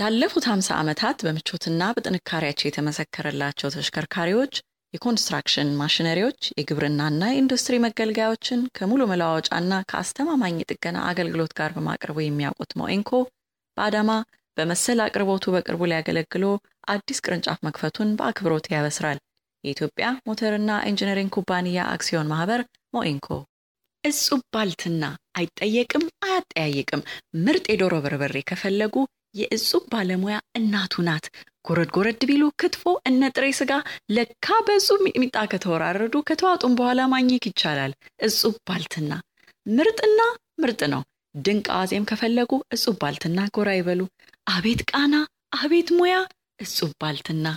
ላለፉት 50 ዓመታት በምቾትና በጥንካሬያቸው የተመሰከረላቸው ተሽከርካሪዎች፣ የኮንስትራክሽን ማሽነሪዎች፣ የግብርናና የኢንዱስትሪ መገልገያዎችን ከሙሉ መለዋወጫና ከአስተማማኝ የጥገና አገልግሎት ጋር በማቅረቡ የሚያውቁት ሞኢንኮ በአዳማ በመሰል አቅርቦቱ በቅርቡ ሊያገለግሎ አዲስ ቅርንጫፍ መክፈቱን በአክብሮት ያበስራል። የኢትዮጵያ ሞተርና ኢንጂነሪንግ ኩባንያ አክሲዮን ማህበር ሞኢንኮ እጹብ ባልትና አይጠየቅም፣ አያጠያይቅም ምርጥ የዶሮ በርበሬ ከፈለጉ የእጹብ ባለሙያ እናቱ ናት። ጎረድ ጎረድ ቢሉ ክትፎ እነ ጥሬ ስጋ ለካ በእጹብ ሚጥሚጣ ከተወራረዱ ከተዋጡም በኋላ ማግኘት ይቻላል። እጹብ ባልትና ምርጥና ምርጥ ነው። ድንቅ አዋዜም ከፈለጉ እጹብ ባልትና ጎራ ይበሉ። አቤት ቃና፣ አቤት ሙያ እጹብ ባልትና